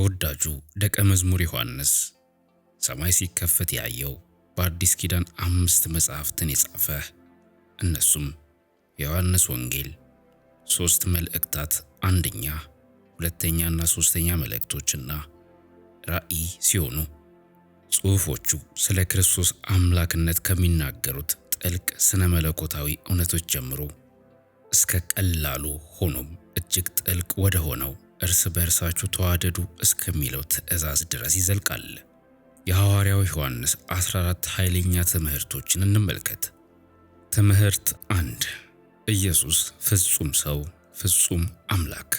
ተወዳጁ ደቀ መዝሙር ዮሐንስ ሰማይ ሲከፈት ያየው በአዲስ ኪዳን አምስት መጽሐፍትን የጻፈ እነሱም የዮሐንስ ወንጌል፣ ሦስት መልእክታት አንደኛ፣ ሁለተኛና ሦስተኛ መልእክቶችና ራእይ ሲሆኑ ጽሑፎቹ ስለ ክርስቶስ አምላክነት ከሚናገሩት ጥልቅ ስነ መለኮታዊ እውነቶች ጀምሮ እስከ ቀላሉ ሆኖም እጅግ ጥልቅ ወደ ሆነው እርስ በእርሳችሁ ተዋደዱ እስከሚለው ትእዛዝ ድረስ ይዘልቃል። የሐዋርያው ዮሐንስ 14 ኃይለኛ ትምህርቶችን እንመልከት። ትምህርት አንድ ኢየሱስ ፍጹም ሰው፣ ፍጹም አምላክ።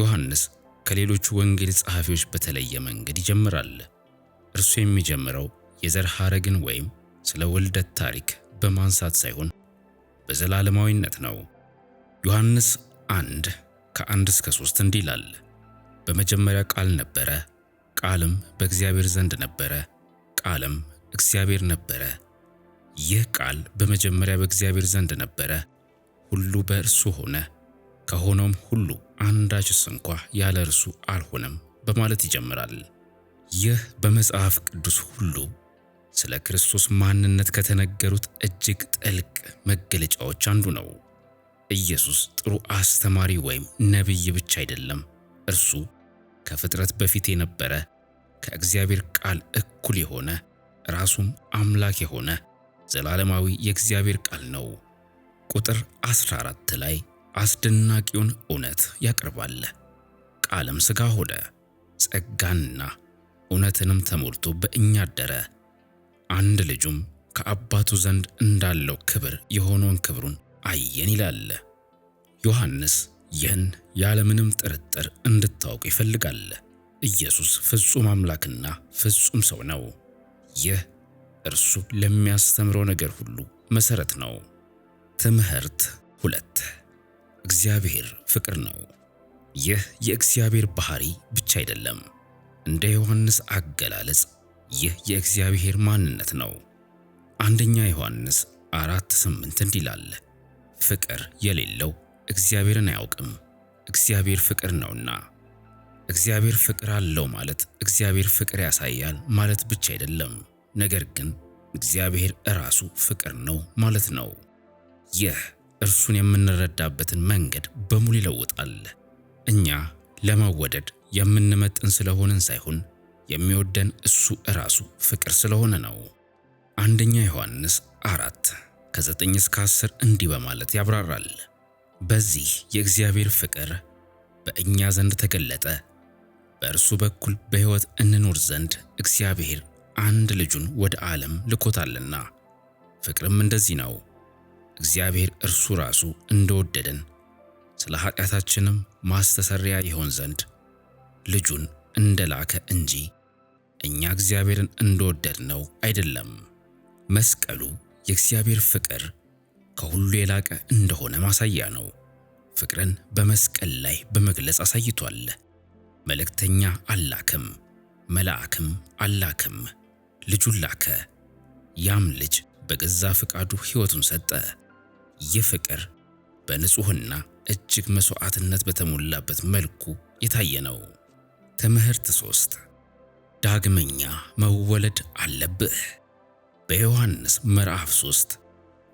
ዮሐንስ ከሌሎቹ ወንጌል ጸሐፊዎች በተለየ መንገድ ይጀምራል። እርሱ የሚጀምረው የዘር ሐረግን ወይም ስለ ውልደት ታሪክ በማንሳት ሳይሆን በዘላለማዊነት ነው። ዮሐንስ አንድ ከአንድ እስከ ሶስት እንዲህ ይላል። በመጀመሪያ ቃል ነበረ፣ ቃልም በእግዚአብሔር ዘንድ ነበረ፣ ቃልም እግዚአብሔር ነበረ። ይህ ቃል በመጀመሪያ በእግዚአብሔር ዘንድ ነበረ። ሁሉ በእርሱ ሆነ፣ ከሆነውም ሁሉ አንዳችስ እንኳ ያለ እርሱ አልሆነም በማለት ይጀምራል። ይህ በመጽሐፍ ቅዱስ ሁሉ ስለ ክርስቶስ ማንነት ከተነገሩት እጅግ ጥልቅ መገለጫዎች አንዱ ነው። ኢየሱስ ጥሩ አስተማሪ ወይም ነቢይ ብቻ አይደለም። እርሱ ከፍጥረት በፊት የነበረ ከእግዚአብሔር ቃል እኩል የሆነ ራሱም አምላክ የሆነ ዘላለማዊ የእግዚአብሔር ቃል ነው። ቁጥር 14 ላይ አስደናቂውን እውነት ያቀርባል። ቃልም ሥጋ ሆነ፣ ጸጋንና እውነትንም ተሞልቶ በእኛ አደረ፣ አንድ ልጁም ከአባቱ ዘንድ እንዳለው ክብር የሆነውን ክብሩን አየን ይላል። ዮሐንስ ይህን ያለምንም ጥርጥር እንድታውቅ ይፈልጋል። ኢየሱስ ፍጹም አምላክና ፍጹም ሰው ነው። ይህ እርሱ ለሚያስተምረው ነገር ሁሉ መሰረት ነው። ትምህርት ሁለት እግዚአብሔር ፍቅር ነው። ይህ የእግዚአብሔር ባህሪ ብቻ አይደለም። እንደ ዮሐንስ አገላለጽ ይህ የእግዚአብሔር ማንነት ነው። አንደኛ ዮሐንስ አራት ስምንት እንዲህ ይላል ፍቅር የሌለው እግዚአብሔርን አያውቅም፣ እግዚአብሔር ፍቅር ነውና። እግዚአብሔር ፍቅር አለው ማለት እግዚአብሔር ፍቅር ያሳያል ማለት ብቻ አይደለም፣ ነገር ግን እግዚአብሔር እራሱ ፍቅር ነው ማለት ነው። ይህ እርሱን የምንረዳበትን መንገድ በሙሉ ይለውጣል። እኛ ለመወደድ የምንመጥን ስለሆንን ሳይሆን የሚወደን እሱ እራሱ ፍቅር ስለሆነ ነው። አንደኛ ዮሐንስ አራት ከ9 እስከ 10 እንዲህ በማለት ያብራራል። በዚህ የእግዚአብሔር ፍቅር በእኛ ዘንድ ተገለጠ፣ በእርሱ በኩል በሕይወት እንኖር ዘንድ እግዚአብሔር አንድ ልጁን ወደ ዓለም ልኮታልና። ፍቅርም እንደዚህ ነው፣ እግዚአብሔር እርሱ ራሱ እንደወደደን ስለ ኃጢአታችንም ማስተሰሪያ ይሆን ዘንድ ልጁን እንደላከ እንጂ እኛ እግዚአብሔርን እንደወደድነው አይደለም። መስቀሉ የእግዚአብሔር ፍቅር ከሁሉ የላቀ እንደሆነ ማሳያ ነው። ፍቅርን በመስቀል ላይ በመግለጽ አሳይቷል። መልእክተኛ አላክም፣ መልአክም አላክም፣ ልጁን ላከ። ያም ልጅ በገዛ ፍቃዱ ሕይወቱን ሰጠ። ይህ ፍቅር በንጹሕና እጅግ መሥዋዕትነት በተሞላበት መልኩ የታየ ነው። ትምህርት ሶስት ዳግመኛ መወለድ አለብህ። በዮሐንስ ምዕራፍ 3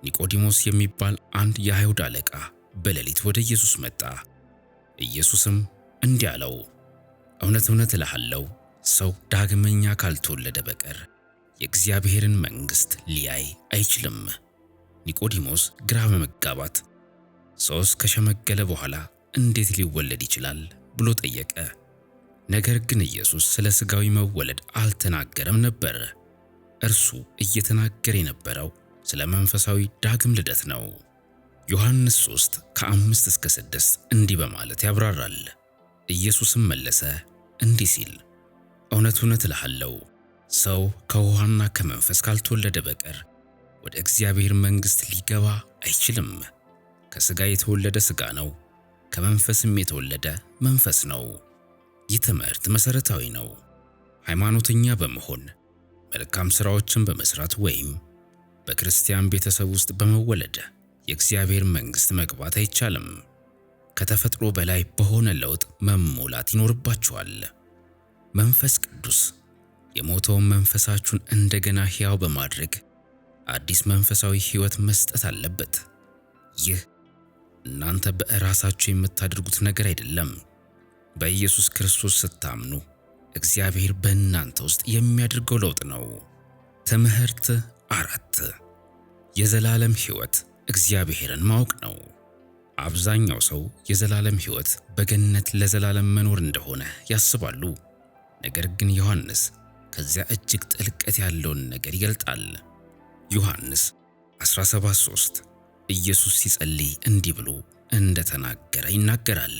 ኒቆዲሞስ የሚባል አንድ የአይሁድ አለቃ በሌሊት ወደ ኢየሱስ መጣ። ኢየሱስም እንዲህ አለው፣ እውነት እውነት እልሃለሁ ሰው ዳግመኛ ካልተወለደ በቀር የእግዚአብሔርን መንግሥት ሊያይ አይችልም። ኒቆዲሞስ ግራ በመጋባት ሰውስ ከሸመገለ በኋላ እንዴት ሊወለድ ይችላል ብሎ ጠየቀ። ነገር ግን ኢየሱስ ስለ ሥጋዊ መወለድ አልተናገረም ነበር። እርሱ እየተናገረ የነበረው ስለ መንፈሳዊ ዳግም ልደት ነው። ዮሐንስ 3 ከአምስት እስከ ስድስት እንዲህ በማለት ያብራራል። ኢየሱስም መለሰ እንዲህ ሲል እውነት እውነት እልሃለሁ ሰው ከውሃና ከመንፈስ ካልተወለደ በቀር ወደ እግዚአብሔር መንግሥት ሊገባ አይችልም። ከሥጋ የተወለደ ሥጋ ነው፣ ከመንፈስም የተወለደ መንፈስ ነው። ይህ ትምህርት መሠረታዊ ነው። ሃይማኖተኛ በመሆን መልካም ሥራዎችን በመሥራት ወይም በክርስቲያን ቤተሰብ ውስጥ በመወለድ የእግዚአብሔር መንግሥት መግባት አይቻልም። ከተፈጥሮ በላይ በሆነ ለውጥ መሞላት ይኖርባችኋል። መንፈስ ቅዱስ የሞተውን መንፈሳችሁን እንደገና ሕያው በማድረግ አዲስ መንፈሳዊ ሕይወት መስጠት አለበት። ይህ እናንተ በራሳችሁ የምታደርጉት ነገር አይደለም። በኢየሱስ ክርስቶስ ስታምኑ እግዚአብሔር በእናንተ ውስጥ የሚያደርገው ለውጥ ነው። ትምህርት አራት የዘላለም ሕይወት እግዚአብሔርን ማወቅ ነው። አብዛኛው ሰው የዘላለም ሕይወት በገነት ለዘላለም መኖር እንደሆነ ያስባሉ። ነገር ግን ዮሐንስ ከዚያ እጅግ ጥልቀት ያለውን ነገር ይገልጣል። ዮሐንስ 17:3 ኢየሱስ ሲጸልይ እንዲህ ብሎ እንደተናገረ ይናገራል።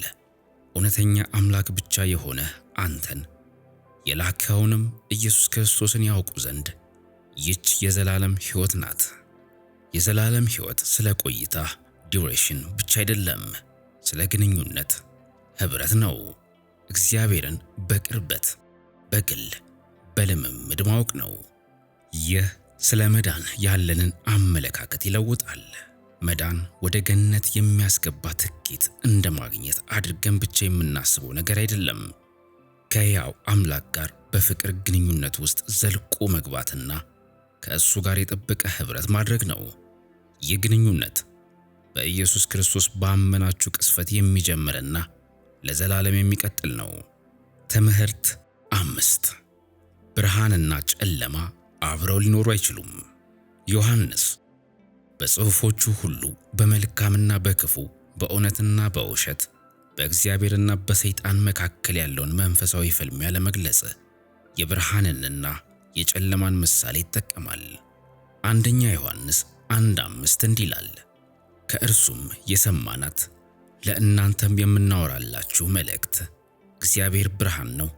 እውነተኛ አምላክ ብቻ የሆነ አንተን የላከውንም ኢየሱስ ክርስቶስን ያውቁ ዘንድ ይህች የዘላለም ሕይወት ናት። የዘላለም ሕይወት ስለ ቆይታ ዲውሬሽን ብቻ አይደለም፣ ስለ ግንኙነት ኅብረት ነው። እግዚአብሔርን በቅርበት በግል በልምምድ ማወቅ ነው። ይህ ስለ መዳን ያለንን አመለካከት ይለውጣል። መዳን ወደ ገነት የሚያስገባ ትኬት እንደ ማግኘት አድርገን ብቻ የምናስበው ነገር አይደለም። ከሕያው አምላክ ጋር በፍቅር ግንኙነት ውስጥ ዘልቆ መግባትና ከእሱ ጋር የጠበቀ ኅብረት ማድረግ ነው። ይህ ግንኙነት በኢየሱስ ክርስቶስ ባመናችሁ ቅስፈት የሚጀምርና ለዘላለም የሚቀጥል ነው። ትምህርት አምስት ብርሃንና ጨለማ አብረው ሊኖሩ አይችሉም። ዮሐንስ በጽሑፎቹ ሁሉ በመልካምና በክፉ በእውነትና በውሸት በእግዚአብሔርና በሰይጣን መካከል ያለውን መንፈሳዊ ፍልሚያ ለመግለጽ የብርሃንንና የጨለማን ምሳሌ ይጠቀማል። አንደኛ ዮሐንስ አንድ አምስት እንዲህ ይላል፣ ከእርሱም የሰማናት ለእናንተም የምናወራላችሁ መልእክት እግዚአብሔር ብርሃን ነው፣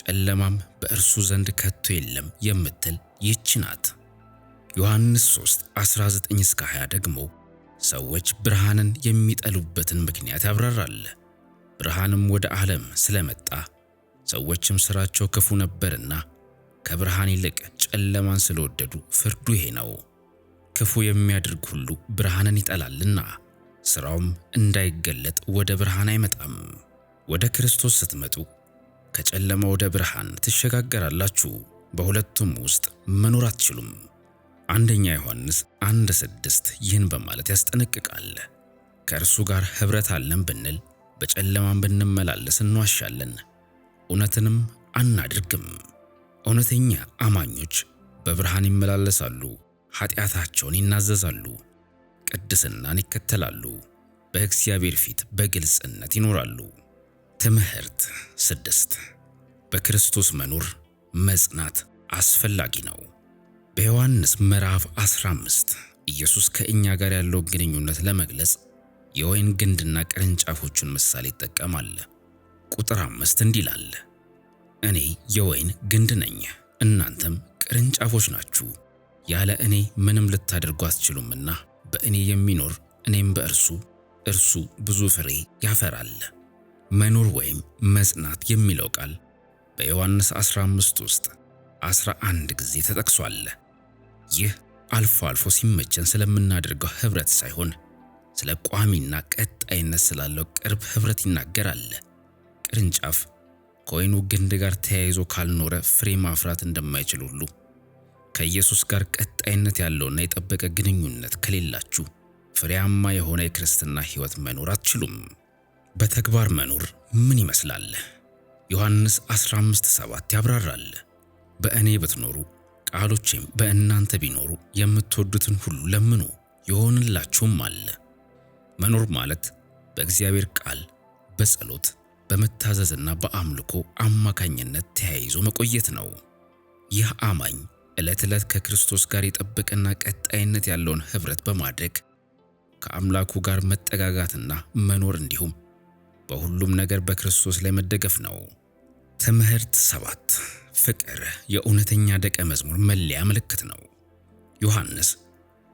ጨለማም በእርሱ ዘንድ ከቶ የለም የምትል ይህች ናት። ዮሐንስ 3 19 እስከ 20 ደግሞ ሰዎች ብርሃንን የሚጠሉበትን ምክንያት ያብራራል። ብርሃንም ወደ ዓለም ስለመጣ ሰዎችም ሥራቸው ክፉ ነበርና ከብርሃን ይልቅ ጨለማን ስለወደዱ ፍርዱ ይሄ ነው። ክፉ የሚያደርግ ሁሉ ብርሃንን ይጠላልና ሥራውም እንዳይገለጥ ወደ ብርሃን አይመጣም። ወደ ክርስቶስ ስትመጡ ከጨለማ ወደ ብርሃን ትሸጋገራላችሁ። በሁለቱም ውስጥ መኖር አትችሉም። አንደኛ ዮሐንስ አንድ ስድስት ይህን በማለት ያስጠነቅቃል። ከእርሱ ጋር ኅብረት አለን ብንል በጨለማም ብንመላለስ እንዋሻለን፣ እውነትንም አናድርግም። እውነተኛ አማኞች በብርሃን ይመላለሳሉ፣ ኃጢአታቸውን ይናዘዛሉ፣ ቅድስናን ይከተላሉ፣ በእግዚአብሔር ፊት በግልጽነት ይኖራሉ። ትምህርት ስድስት በክርስቶስ መኖር መጽናት አስፈላጊ ነው። በዮሐንስ ምዕራፍ 15 ኢየሱስ ከእኛ ጋር ያለውን ግንኙነት ለመግለጽ የወይን ግንድና ቅርንጫፎቹን ምሳሌ ይጠቀማል። ቁጥር አምስት እንዲህ ይላል፣ እኔ የወይን ግንድ ነኝ፣ እናንተም ቅርንጫፎች ናችሁ። ያለ እኔ ምንም ልታደርጉ አትችሉምና በእኔ የሚኖር እኔም በእርሱ እርሱ ብዙ ፍሬ ያፈራል። መኖር ወይም መጽናት የሚለው ቃል በዮሐንስ 15 ውስጥ 11 ጊዜ ተጠቅሷል። ይህ አልፎ አልፎ ሲመቸን ስለምናደርገው ኅብረት ሳይሆን ስለ ቋሚና ቀጣይነት ስላለው ቅርብ ህብረት ይናገራል። ቅርንጫፍ ከወይኑ ግንድ ጋር ተያይዞ ካልኖረ ፍሬ ማፍራት እንደማይችል ሁሉ ከኢየሱስ ጋር ቀጣይነት ያለውና የጠበቀ ግንኙነት ከሌላችሁ ፍሬያማ የሆነ የክርስትና ህይወት መኖር አትችሉም። በተግባር መኖር ምን ይመስላል? ዮሐንስ 15:7 ያብራራል። በእኔ ብትኖሩ ቃሎቼም በእናንተ ቢኖሩ የምትወዱትን ሁሉ ለምኑ ይሆንላችሁም አለ። መኖር ማለት በእግዚአብሔር ቃል፣ በጸሎት፣ በመታዘዝና በአምልኮ አማካኝነት ተያይዞ መቆየት ነው። ይህ አማኝ ዕለት ዕለት ከክርስቶስ ጋር የጠበቀና ቀጣይነት ያለውን ኅብረት በማድረግ ከአምላኩ ጋር መጠጋጋትና መኖር እንዲሁም በሁሉም ነገር በክርስቶስ ላይ መደገፍ ነው። ትምህርት ሰባት ፍቅር የእውነተኛ ደቀ መዝሙር መለያ ምልክት ነው። ዮሐንስ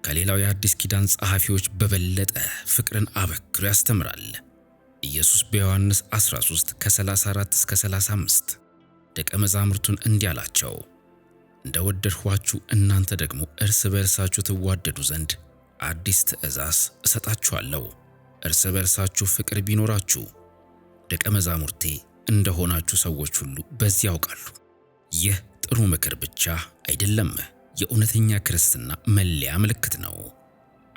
ከሌላው የአዲስ ኪዳን ጸሐፊዎች በበለጠ ፍቅርን አበክሮ ያስተምራል። ኢየሱስ በዮሐንስ 13 ከ34 እስከ 35 ደቀ መዛሙርቱን እንዲህ አላቸው፣ እንደ ወደድኋችሁ እናንተ ደግሞ እርስ በእርሳችሁ ትዋደዱ ዘንድ አዲስ ትእዛዝ እሰጣችኋለሁ፣ እርስ በእርሳችሁ ፍቅር ቢኖራችሁ ደቀ መዛሙርቴ እንደሆናችሁ ሰዎች ሁሉ በዚህ ያውቃሉ። ይህ ጥሩ ምክር ብቻ አይደለም የእውነተኛ ክርስትና መለያ ምልክት ነው።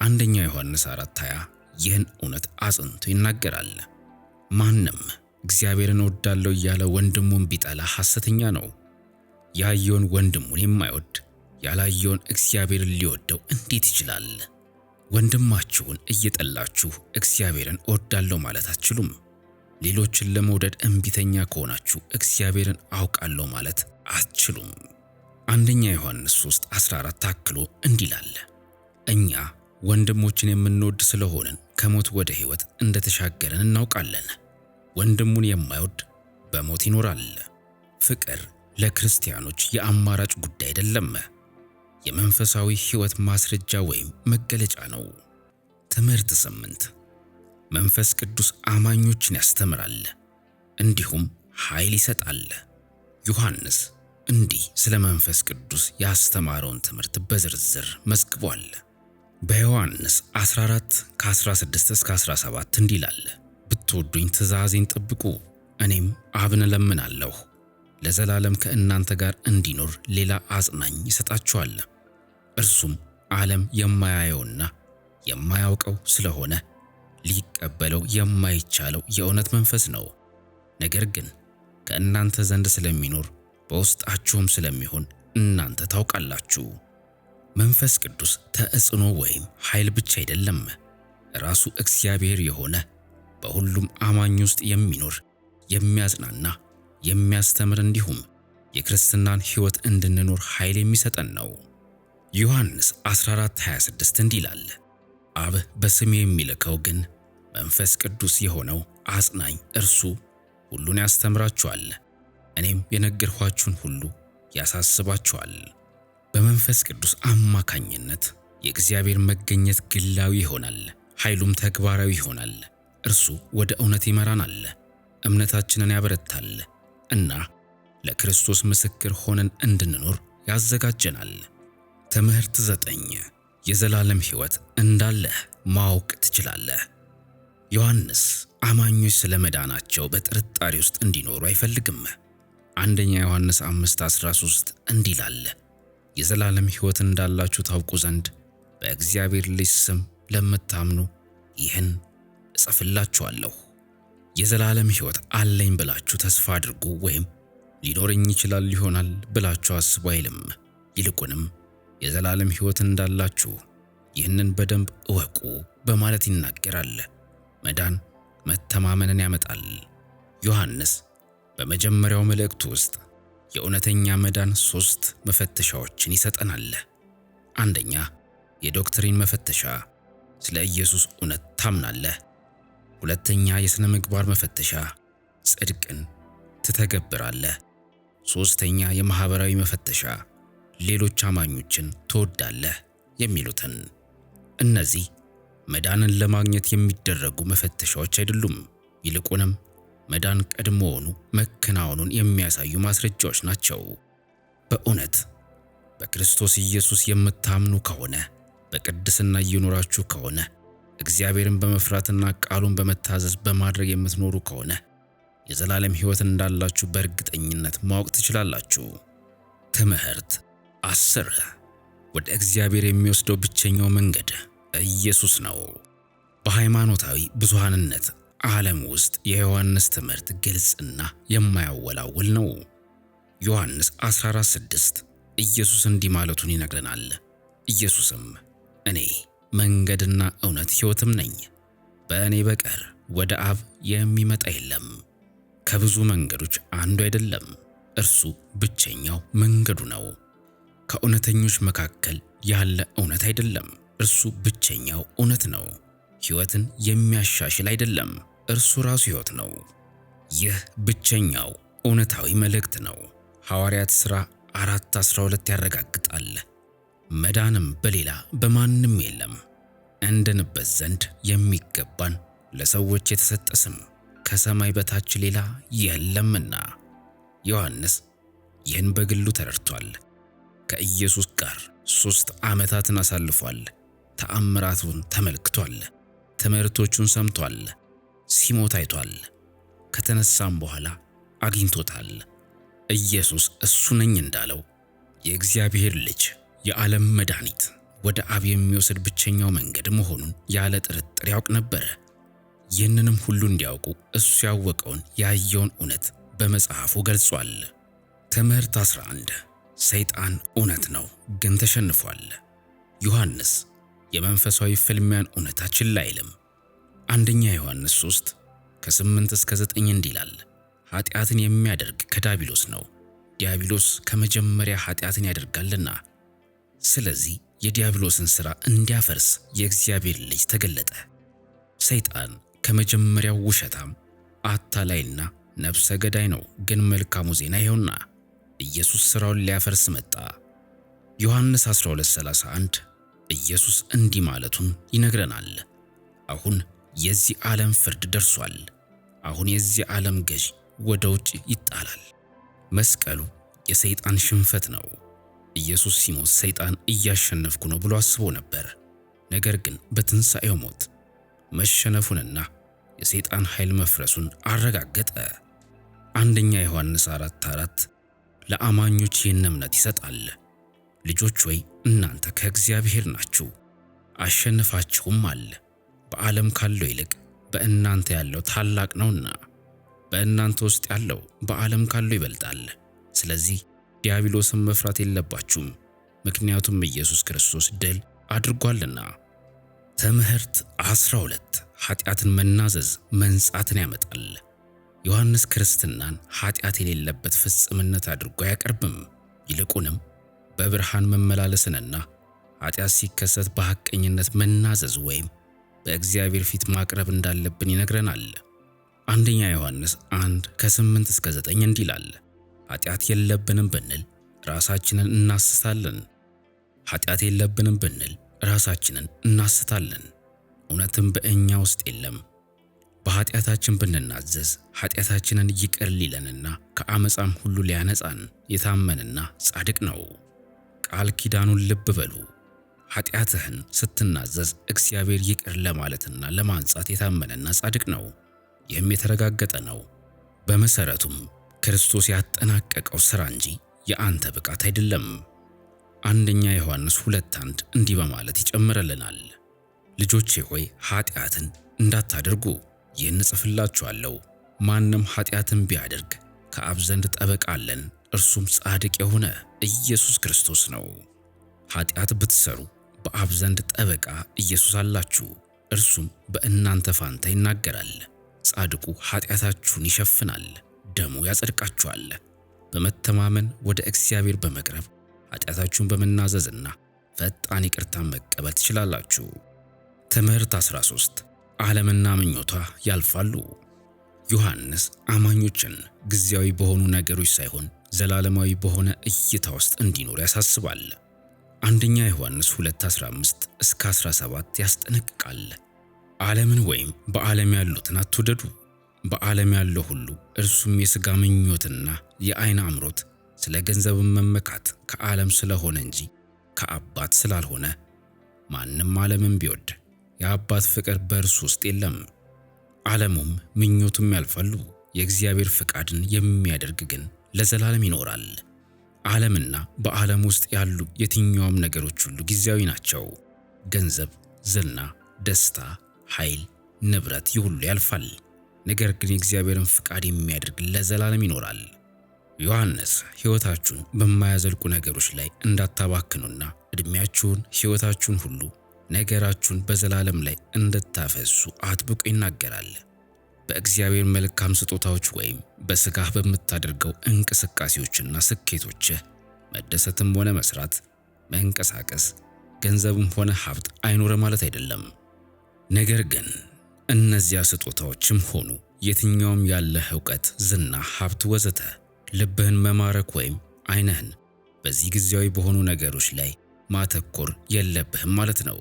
አንደኛው ዮሐንስ 4:20 ይህን እውነት አጽንቶ ይናገራል። ማንም እግዚአብሔርን እወዳለሁ እያለ ወንድሙን ቢጠላ ሐሰተኛ ነው። ያየውን ወንድሙን የማይወድ ያላየውን እግዚአብሔርን ሊወደው እንዴት ይችላል? ወንድማችሁን እየጠላችሁ እግዚአብሔርን እወዳለሁ ማለት አትችሉም። ሌሎችን ለመውደድ እምቢተኛ ከሆናችሁ እግዚአብሔርን አውቃለሁ ማለት አትችሉም። አንደኛ ዮሐንስ 3 14 አክሎ እንዲላለ እኛ ወንድሞችን የምንወድ ስለሆንን ከሞት ወደ ሕይወት እንደተሻገረን እናውቃለን። ወንድሙን የማይወድ በሞት ይኖራል። ፍቅር ለክርስቲያኖች የአማራጭ ጉዳይ አይደለም፣ የመንፈሳዊ ሕይወት ማስረጃ ወይም መገለጫ ነው። ትምህርት ስምንት መንፈስ ቅዱስ አማኞችን ያስተምራል እንዲሁም ኃይል ይሰጣል። ዮሐንስ እንዲህ ስለ መንፈስ ቅዱስ ያስተማረውን ትምህርት በዝርዝር መዝግቧል። በዮሐንስ 14 ከ16 እስከ 17 እንዲህ ይላል፣ ብትወዱኝ ትእዛዜን ጠብቁ፣ እኔም አብን እለምናለሁ፣ ለዘላለም ከእናንተ ጋር እንዲኖር ሌላ አጽናኝ ይሰጣችኋል። እርሱም ዓለም የማያየውና የማያውቀው ስለሆነ ሊቀበለው የማይቻለው የእውነት መንፈስ ነው። ነገር ግን ከእናንተ ዘንድ ስለሚኖር በውስጣችሁም ስለሚሆን እናንተ ታውቃላችሁ። መንፈስ ቅዱስ ተጽዕኖ ወይም ኃይል ብቻ አይደለም፣ ራሱ እግዚአብሔር የሆነ በሁሉም አማኝ ውስጥ የሚኖር የሚያጽናና፣ የሚያስተምር እንዲሁም የክርስትናን ሕይወት እንድንኖር ኃይል የሚሰጠን ነው። ዮሐንስ 14:26 እንዲህ ይላል፣ አብ በስሜ የሚልከው ግን መንፈስ ቅዱስ የሆነው አጽናኝ እርሱ ሁሉን ያስተምራችኋል እኔም የነገርኳችሁን ሁሉ ያሳስባችኋል። በመንፈስ ቅዱስ አማካኝነት የእግዚአብሔር መገኘት ግላዊ ይሆናል፣ ኃይሉም ተግባራዊ ይሆናል። እርሱ ወደ እውነት ይመራናል፣ እምነታችንን ያበረታል እና ለክርስቶስ ምስክር ሆነን እንድንኖር ያዘጋጀናል። ትምህርት ዘጠኝ የዘላለም ሕይወት እንዳለህ ማወቅ ትችላለህ። ዮሐንስ አማኞች ስለ መዳናቸው በጥርጣሬ ውስጥ እንዲኖሩ አይፈልግም። አንደኛ ዮሐንስ 5:13 እንዲህ ይላል፣ የዘላለም ሕይወት እንዳላችሁ ታውቁ ዘንድ በእግዚአብሔር ልጅ ስም ለምታምኑ ይህን እጽፍላችኋለሁ። የዘላለም ሕይወት አለኝ ብላችሁ ተስፋ አድርጉ ወይም ሊኖረኝ ይችላል ይሆናል ብላችሁ አስቡ አይልም። ይልቁንም የዘላለም ሕይወት እንዳላችሁ ይህንን በደንብ እወቁ በማለት ይናገራል። መዳን መተማመንን ያመጣል። ዮሐንስ በመጀመሪያው መልእክት ውስጥ የእውነተኛ መዳን ሶስት መፈተሻዎችን ይሰጠናል። አንደኛ፣ የዶክትሪን መፈተሻ፣ ስለ ኢየሱስ እውነት ታምናለህ። ሁለተኛ፣ የሥነ ምግባር መፈተሻ፣ ጽድቅን ትተገብራለህ። ሦስተኛ፣ የማኅበራዊ መፈተሻ፣ ሌሎች አማኞችን ትወዳለህ የሚሉትን። እነዚህ መዳንን ለማግኘት የሚደረጉ መፈተሻዎች አይደሉም፣ ይልቁንም መዳን ቀድሞውኑ መከናወኑን የሚያሳዩ ማስረጃዎች ናቸው። በእውነት በክርስቶስ ኢየሱስ የምታምኑ ከሆነ በቅድስና እየኖራችሁ ከሆነ እግዚአብሔርን በመፍራትና ቃሉን በመታዘዝ በማድረግ የምትኖሩ ከሆነ የዘላለም ሕይወት እንዳላችሁ በእርግጠኝነት ማወቅ ትችላላችሁ። ትምህርት አስር ወደ እግዚአብሔር የሚወስደው ብቸኛው መንገድ ኢየሱስ ነው። በሃይማኖታዊ ብዙሃንነት ዓለም ውስጥ የዮሐንስ ትምህርት ግልጽና የማያወላውል ነው። ዮሐንስ 14:6 ኢየሱስ እንዲህ ማለቱን ይነግረናል። ኢየሱስም እኔ መንገድና እውነት ሕይወትም ነኝ፣ በእኔ በቀር ወደ አብ የሚመጣ የለም። ከብዙ መንገዶች አንዱ አይደለም፣ እርሱ ብቸኛው መንገዱ ነው። ከእውነተኞች መካከል ያለ እውነት አይደለም፣ እርሱ ብቸኛው እውነት ነው። ሕይወትን የሚያሻሽል አይደለም፣ እርሱ ራሱ ሕይወት ነው። ይህ ብቸኛው እውነታዊ መልእክት ነው። ሐዋርያት ሥራ 4:12 ያረጋግጣል። መዳንም በሌላ በማንም የለም። እንድንበት ዘንድ የሚገባን ለሰዎች የተሰጠ ስም ከሰማይ በታች ሌላ የለምና። ዮሐንስ ይህን በግሉ ተረድቷል። ከኢየሱስ ጋር ሦስት ዓመታትን አሳልፏል። ተአምራቱን ተመልክቷል። ትምህርቶቹን ሰምቷል። ሲሞት አይቷል። ከተነሳም በኋላ አግኝቶታል። ኢየሱስ እሱ ነኝ እንዳለው የእግዚአብሔር ልጅ፣ የዓለም መድኃኒት፣ ወደ አብ የሚወስድ ብቸኛው መንገድ መሆኑን ያለ ጥርጥር ያውቅ ነበረ። ይህንንም ሁሉ እንዲያውቁ እሱ ያወቀውን ያየውን እውነት በመጽሐፉ ገልጿል። ትምህርት 11 ሰይጣን እውነት ነው ግን ተሸንፏል። ዮሐንስ የመንፈሳዊ ፍልሚያን እውነታችን ላይልም አንደኛ ዮሐንስ 3 ከ8 እስከ 9 እንዲላል ይላል፣ ኃጢአትን የሚያደርግ ከዲያብሎስ ነው፣ ዲያብሎስ ከመጀመሪያ ኃጢአትን ያደርጋልና። ስለዚህ የዲያብሎስን ሥራ እንዲያፈርስ የእግዚአብሔር ልጅ ተገለጠ። ሰይጣን ከመጀመሪያው ውሸታም አታላይና ነፍሰ ገዳይ ነው። ግን መልካሙ ዜና ይኸውና ኢየሱስ ሥራውን ሊያፈርስ መጣ። ዮሐንስ 12:31 ኢየሱስ እንዲህ ማለቱን ይነግረናል። አሁን የዚህ ዓለም ፍርድ ደርሷል። አሁን የዚህ ዓለም ገዢ ወደ ውጭ ይጣላል። መስቀሉ የሰይጣን ሽንፈት ነው። ኢየሱስ ሲሞት ሰይጣን እያሸነፍኩ ነው ብሎ አስቦ ነበር። ነገር ግን በትንሣኤው ሞት መሸነፉንና የሰይጣን ኃይል መፍረሱን አረጋገጠ። አንደኛ ዮሐንስ 4 አራት ለአማኞች ይህን እምነት ይሰጣል። ልጆች ወይ እናንተ ከእግዚአብሔር ናችሁ አሸንፋችሁም አለ በዓለም ካለው ይልቅ በእናንተ ያለው ታላቅ ነውና በእናንተ ውስጥ ያለው በዓለም ካለው ይበልጣል። ስለዚህ ዲያብሎስን መፍራት የለባችሁም፣ ምክንያቱም ኢየሱስ ክርስቶስ ድል አድርጓልና። ትምህርት 12 ኃጢአትን መናዘዝ መንጻትን ያመጣል። ዮሐንስ ክርስትናን ኃጢአት የሌለበት ፍጽምነት አድርጎ አያቀርብም። ይልቁንም በብርሃን መመላለስንና ኃጢአት ሲከሰት በሐቀኝነት መናዘዝ ወይም በእግዚአብሔር ፊት ማቅረብ እንዳለብን ይነግረናል። አንደኛ ዮሐንስ 1 ከ8 እስከ 9 እንዲህ ይላል፣ ኃጢአት የለብንም ብንል ራሳችንን እናስታለን። ኃጢአት የለብንም ብንል ራሳችንን እናስታለን፣ እውነትም በእኛ ውስጥ የለም። በኃጢአታችን ብንናዘዝ ኃጢአታችንን ይቅር ሊለንና ከአመፃም ሁሉ ሊያነጻን የታመንና ጻድቅ ነው። ቃል ኪዳኑን ልብ በሉ። ኃጢአትህን ስትናዘዝ እግዚአብሔር ይቅር ለማለትና ለማንጻት የታመነና ጻድቅ ነው። ይህም የተረጋገጠ ነው። በመሠረቱም ክርስቶስ ያጠናቀቀው ሥራ እንጂ የአንተ ብቃት አይደለም። አንደኛ ዮሐንስ ሁለት አንድ እንዲህ በማለት ይጨምርልናል። ልጆቼ ሆይ ኃጢአትን እንዳታደርጉ ይህን እጽፍላችኋለሁ፣ ማንም ኃጢአትን ቢያደርግ ከአብ ዘንድ ጠበቃ አለን፣ እርሱም ጻድቅ የሆነ ኢየሱስ ክርስቶስ ነው። ኃጢአት ብትሰሩ በአብ ዘንድ ጠበቃ ኢየሱስ አላችሁ፣ እርሱም በእናንተ ፋንታ ይናገራል። ጻድቁ ኃጢአታችሁን ይሸፍናል፣ ደሙ ያጸድቃችኋል። በመተማመን ወደ እግዚአብሔር በመቅረብ ኃጢአታችሁን በመናዘዝና ፈጣን ይቅርታን መቀበል ትችላላችሁ። ትምህርት 13 ዓለምና ምኞቷ ያልፋሉ። ዮሐንስ አማኞችን ጊዜያዊ በሆኑ ነገሮች ሳይሆን ዘላለማዊ በሆነ እይታ ውስጥ እንዲኖር ያሳስባል። አንደኛ ዮሐንስ 2:15 እስከ 17 ያስጠነቅቃል። ዓለምን ወይም በዓለም ያሉትን አትውደዱ። በዓለም ያለው ሁሉ እርሱም የሥጋ ምኞትና የዓይን አምሮት፣ ስለ ገንዘብን መመካት ከዓለም ስለሆነ እንጂ ከአባት ስላልሆነ ማንም ዓለምን ቢወድ የአባት ፍቅር በእርሱ ውስጥ የለም። ዓለሙም ምኞቱም ያልፋሉ፣ የእግዚአብሔር ፍቃድን የሚያደርግ ግን ለዘላለም ይኖራል። ዓለምና በዓለም ውስጥ ያሉ የትኛውም ነገሮች ሁሉ ጊዜያዊ ናቸው። ገንዘብ፣ ዝና፣ ደስታ፣ ኃይል፣ ንብረት ይሁሉ ሁሉ ያልፋል። ነገር ግን የእግዚአብሔርን ፍቃድ የሚያደርግ ለዘላለም ይኖራል። ዮሐንስ ሕይወታችሁን በማያዘልቁ ነገሮች ላይ እንዳታባክኑና ዕድሜያችሁን፣ ሕይወታችሁን ሁሉ ነገራችሁን በዘላለም ላይ እንድታፈሱ አጥብቆ ይናገራል። በእግዚአብሔር መልካም ስጦታዎች ወይም በሥጋህ በምታደርገው እንቅስቃሴዎችና ስኬቶችህ መደሰትም ሆነ መስራት፣ መንቀሳቀስ፣ ገንዘብም ሆነ ሀብት አይኖረ ማለት አይደለም። ነገር ግን እነዚያ ስጦታዎችም ሆኑ የትኛውም ያለህ እውቀት፣ ዝና፣ ሀብት ወዘተ ልብህን መማረክ ወይም አይነህን በዚህ ጊዜያዊ በሆኑ ነገሮች ላይ ማተኮር የለብህም ማለት ነው።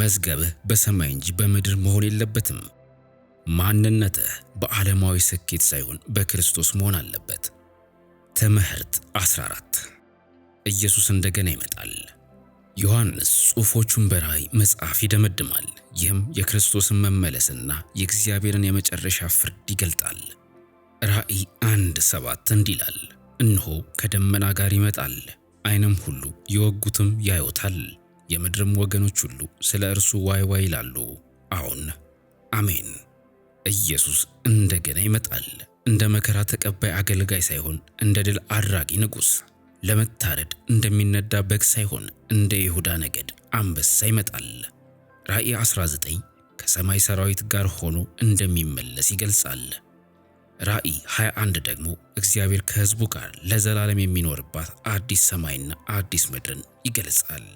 መዝገብህ በሰማይ እንጂ በምድር መሆን የለበትም። ማንነትህ በዓለማዊ ስኬት ሳይሆን በክርስቶስ መሆን አለበት። ትምህርት 14 ኢየሱስ እንደገና ይመጣል። ዮሐንስ ጽሑፎቹን በራእይ መጽሐፍ ይደመድማል። ይህም የክርስቶስን መመለስና የእግዚአብሔርን የመጨረሻ ፍርድ ይገልጣል። ራእይ አንድ ሰባት እንዲላል እነሆ ከደመና ጋር ይመጣል፣ ዓይንም ሁሉ የወጉትም ያዩታል፣ የምድርም ወገኖች ሁሉ ስለ እርሱ ዋይ ዋይ ይላሉ። አሁን አሜን። ኢየሱስ እንደገና ይመጣል። እንደ መከራ ተቀባይ አገልጋይ ሳይሆን እንደ ድል አድራጊ ንጉሥ፣ ለመታረድ እንደሚነዳ በግ ሳይሆን እንደ ይሁዳ ነገድ አንበሳ ይመጣል። ራእይ 19 ከሰማይ ሰራዊት ጋር ሆኖ እንደሚመለስ ይገልጻል። ራእይ 21 ደግሞ እግዚአብሔር ከሕዝቡ ጋር ለዘላለም የሚኖርባት አዲስ ሰማይና አዲስ ምድርን ይገልጻል።